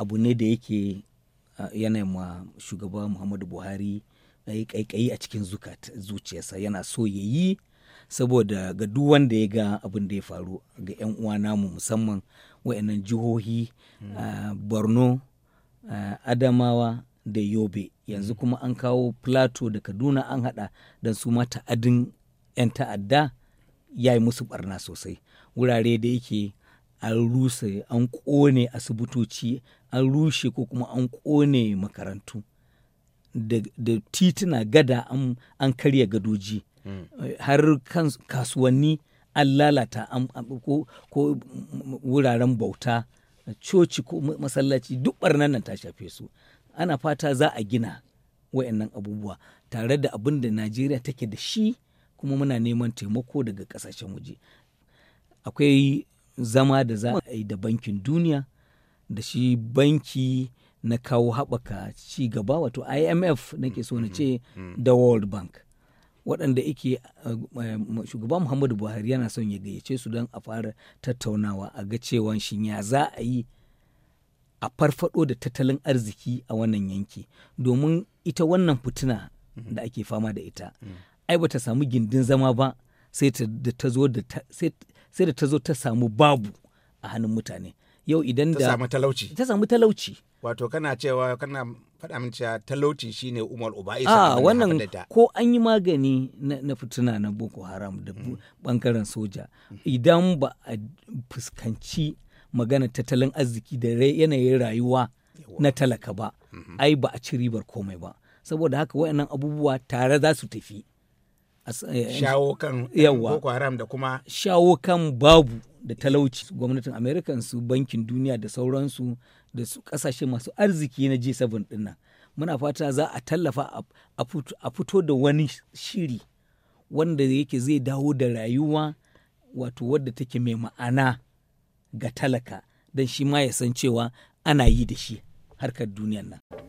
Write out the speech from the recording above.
abu ne da yake yana ma shugaba muhammadu buhari kaikayi a cikin zuciyarsa yana so ya yi saboda ga duk wanda ya ga abin da ya faru ga 'yan uwa namu musamman wa'annan jihohi hmm. borno adamawa da yobe yanzu hmm. kuma an kawo plato da kaduna an hada don su ma ta'adin 'yan ta'adda ya yi musu barna sosai wurare da yake an rusa an ƙone asibitoci an rushe ko kuma an ƙone makarantu da, tituna gada an, karya gadoji mm. har kasuwanni an lalata ko, wuraren bauta coci ko masallaci duk barnan nan ta shafe su ana fata za a gina wayannan abubuwa tare da abin da najeriya take da shi kuma muna neman taimako daga kasashen waje akwai zama da za a yi da bankin duniya da shi banki na kawo haɓaka ci gaba wato imf nake so na mm, ce mm, mm. da world bank waɗanda ike eh, eh, shugaba muhammadu buhari yana son ya gayyace su don a fara tattaunawa a ga cewa shin ya za a yi a farfado da tattalin arziki a wannan yanki domin ita wannan fitina mm-hmm. da ake fama da ita ai ba ta samu gindin zama ba sai ta zo da sai da ta zo ta samu babu a hannun mutane yau idan da ta samu talauci ta samu talauci wato kana cewa kana faɗa min cewa talauci shine Umar Uba a ah, wannan ko an yi magani na fituna na Boko Haram da ɓangaren soja idan ba a fuskanci magana tattalin arziki da yanayin rayuwa na talaka ba mhm. ai ba a ci ribar komai ba saboda haka wayannan abubuwa tare za su tafi Eh, shawo kan eh, shawo kan babu da talauci gwamnatin america su bankin duniya da sauransu da su kasashe masu arziki na g7 dinnan muna fata za a tallafa a fito da wani shiri wanda yake zai dawo da rayuwa wato wadda take mai ma'ana ga talaka don shi ma ya san cewa ana yi da shi harkar duniyar nan